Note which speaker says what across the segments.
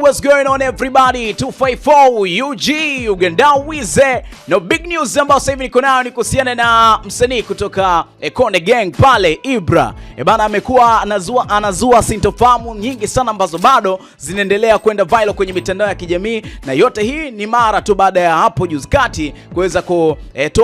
Speaker 1: what's going on everybody? 254 UG Uganda Wize no big news ambayo sasa hivi niko nayo ni kuhusiana na msanii kutoka e, Konde Gang pale Ibra. E bana, amekuwa anazua, anazua sintofahamu nyingi sana ambazo bado zinaendelea kwenda viral kwenye mitandao ya kijamii, na yote hii ni mara tu baada ya hapo juzi kati kuweza kutoa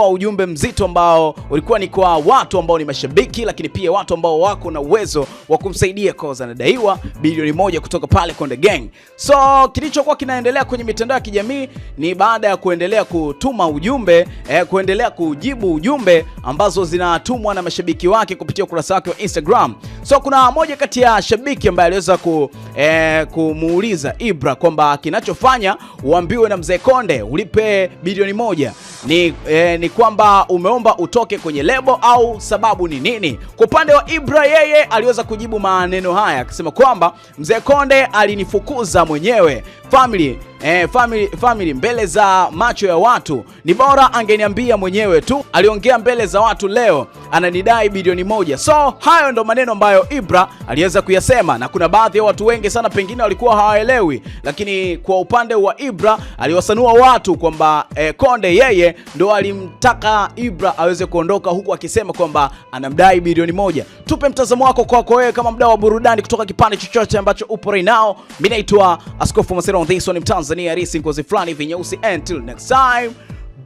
Speaker 1: e, ujumbe mzito ambao ulikuwa ni kwa watu ambao ni mashabiki, lakini pia watu ambao wako na uwezo wa kumsaidia cause anadaiwa bilioni moja kutoka pale Konde Gang. So kilichokuwa kinaendelea kwenye mitandao ya kijamii ni baada ya kuendelea kutuma ujumbe eh, kuendelea kujibu ujumbe ambazo zinatumwa na mashabiki wake kupitia ukurasa wake wa Instagram. So kuna moja kati ya shabiki ambaye aliweza ku, eh, kumuuliza Ibra kwamba kinachofanya uambiwe na mzee Konde ulipe bilioni moja ni, eh, ni kwamba umeomba utoke kwenye lebo au sababu ni nini? Kwa upande wa Ibra, yeye aliweza kujibu maneno haya akisema kwamba Mzee Konde alinifukuza mwenyewe family eh, family, family mbele za macho ya watu, ni bora angeniambia mwenyewe tu. Aliongea mbele za watu, leo ananidai bilioni moja. So hayo ndo maneno ambayo Ibra aliweza kuyasema, na kuna baadhi ya watu wengi sana pengine walikuwa hawaelewi, lakini kwa upande wa Ibra aliwasanua watu kwamba eh, Konde yeye ndo alimtaka Ibra aweze kuondoka, huku akisema kwamba anamdai bilioni moja. Tupe mtazamo wako kwako wewe kama mdau wa burudani kutoka kipande chochote ambacho upo right now. Mimi naitwa Askofu Masero on this one Mtanzania. Tanzania risi ngozi fulani hivi Until next time,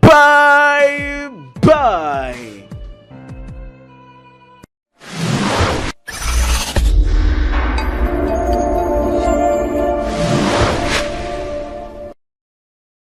Speaker 1: bye bye.